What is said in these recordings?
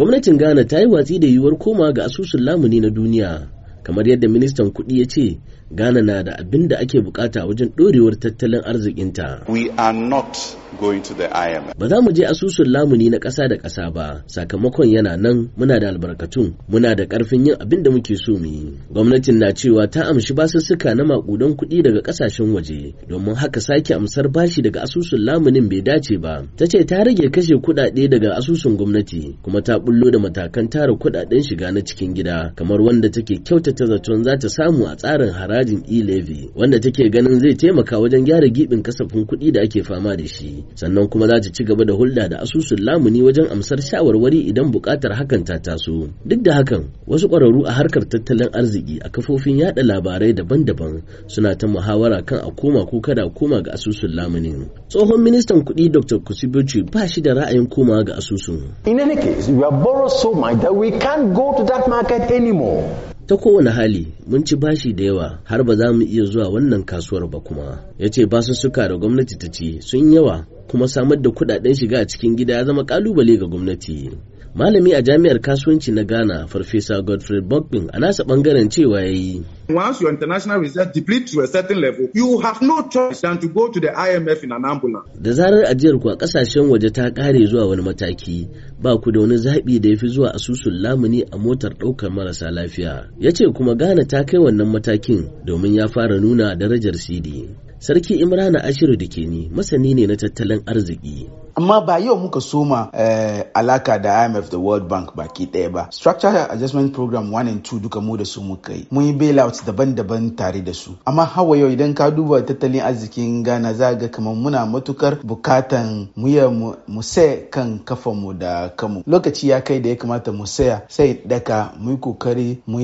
gwamnatin ghana ta yi watsi da yiwuwar koma ga asusun lamuni na duniya kamar yadda ministan kuɗi ya ce Ghana na da abin da ake bukata wajen ɗorewar tattalin arzikinta. We are not going to the IMF. Ba za mu je asusun lamuni na ƙasa da ƙasa ba, sakamakon yana nan muna da albarkatun, muna da ƙarfin yin abin da muke so mu yi. Gwamnatin na cewa ta amshi basussuka na maƙudan kuɗi daga ƙasashen waje, domin haka sake amsar bashi daga asusun lamunin bai dace ba. Ta ce ta rage kashe kuɗaɗe daga asusun gwamnati, kuma ta bullo da matakan tara kuɗaɗen shiga na cikin gida, kamar wanda take kyautata zaton za ta samu a tsarin haraji. harajin e-levy wanda take ganin zai taimaka wajen gyara gibin kasafin kuɗi da ake fama da shi sannan kuma za ta ci gaba da hulɗa da asusun lamuni wajen amsar shawarwari idan buƙatar hakan ta taso duk da hakan wasu ƙwararru a harkar tattalin arziki a kafofin yada labarai daban-daban suna ta muhawara kan a koma ko kada koma ga asusun lamuni. tsohon ministan kuɗi dr kusibuchi ba shi da ra'ayin koma ga asusun in any case we are borrowed so much that we can't go to that market anymore ta kowane hali mun ci bashi da yawa har ba za mu iya zuwa wannan kasuwar ba kuma ya ce basussuka da gwamnati ta ci sun yawa kuma samar da kudaden shiga a cikin gida ya zama kalubale ga gwamnati malami a jami'ar kasuwanci na ghana farfesa godfrey bogbin a nasa bangaren cewa ya yi Once your international reserve deplete to a certain level, you have no choice than to go to the IMF in an ambulance. Da zarar ajiyar ku a kasashen waje ta kare zuwa wani mataki, ba ku da wani zaɓi da ya fi zuwa asusun lamuni a motar ɗaukar marasa lafiya. Ya ce kuma Ghana ta kai wannan matakin domin ya fara nuna darajar CD. Sarki Imrana Ashiru Dikeni masani ne na tattalin arziki amma ba yau muka soma eh, alaka da imf da world bank baki ɗaya ba structural adjustment program 1 and 2 duka mu da su muka yi mun yi bailout daban-daban tare da su amma hawa yau idan ka duba tattalin arzikin ghana za ga kamar muna matukar bukatan muya mu saya kan mu da kamu lokaci ya kai da ya kamata mu saya sai daka mu yi kokari mu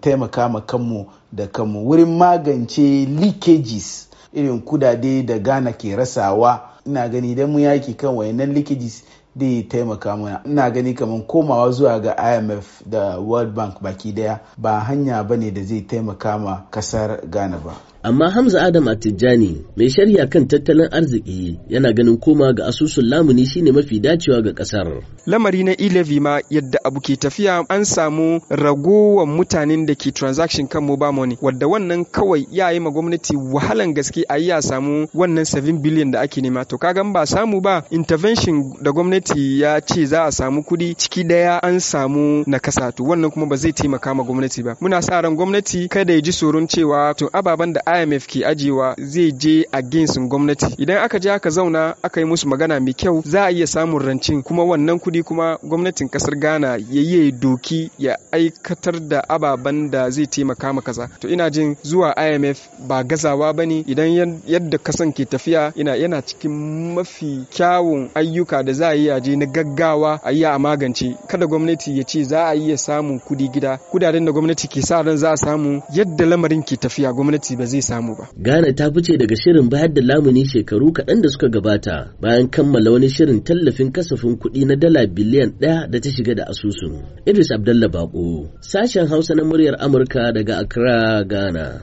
taimaka ma kanmu da kanmu wurin magance leakages irin kudade da ghana ke rasawa ina gani idan mun yaki kan wayannan likidis da taimaka mana ina gani kamar komawa zuwa ga imf da world bank baki daya ba hanya bane da zai taimaka ma kasar ghana ba amma Hamza Adam tijjani mai shari'a kan tattalin arziki yana ganin koma ga asusun lamuni shine mafi dacewa ga kasar. Lamari na e ma yadda abu ke tafiya an samu ragowar mutanen da ke transaction kan mobile money wadda wannan kawai ya yi ma gwamnati wahalan gaske a yi ya samu wannan 7 billion da ake nema to kagan ba samu ba intervention da gwamnati ya ce za a samu kuɗi ciki daya an samu nakasa to wannan kuma ba zai taimaka ma gwamnati ba muna sa ran gwamnati kada ya ji tsoron cewa to ababen da IMF ke ajiyewa zai je against gwamnati idan aka je aka zauna aka yi musu magana mai kyau za a iya samun rancin kuma wannan kudi kuma gwamnatin kasar Ghana ya yi doki ya aikatar da ababen da zai taimaka ma kaza to ina jin zuwa IMF ba gazawa ba bane idan yadda kasan ke tafiya ina yana cikin mafi kyawun ayyuka da za a yi aje na gaggawa a yi a magance kada gwamnati ya ce za a iya samun kudi gida kudaden da gwamnati ke sa ran za a samu yadda lamarin ke tafiya gwamnati ba zai zai samu ba. Ghana ta fice daga shirin bayar da lamuni shekaru kaɗan da suka gabata bayan kammala wani shirin tallafin kasafin kuɗi na dala biliyan ɗaya da ta shiga da asusun. Idris Abdallah Bako, sashen Hausa na muryar Amurka daga Accra, Ghana.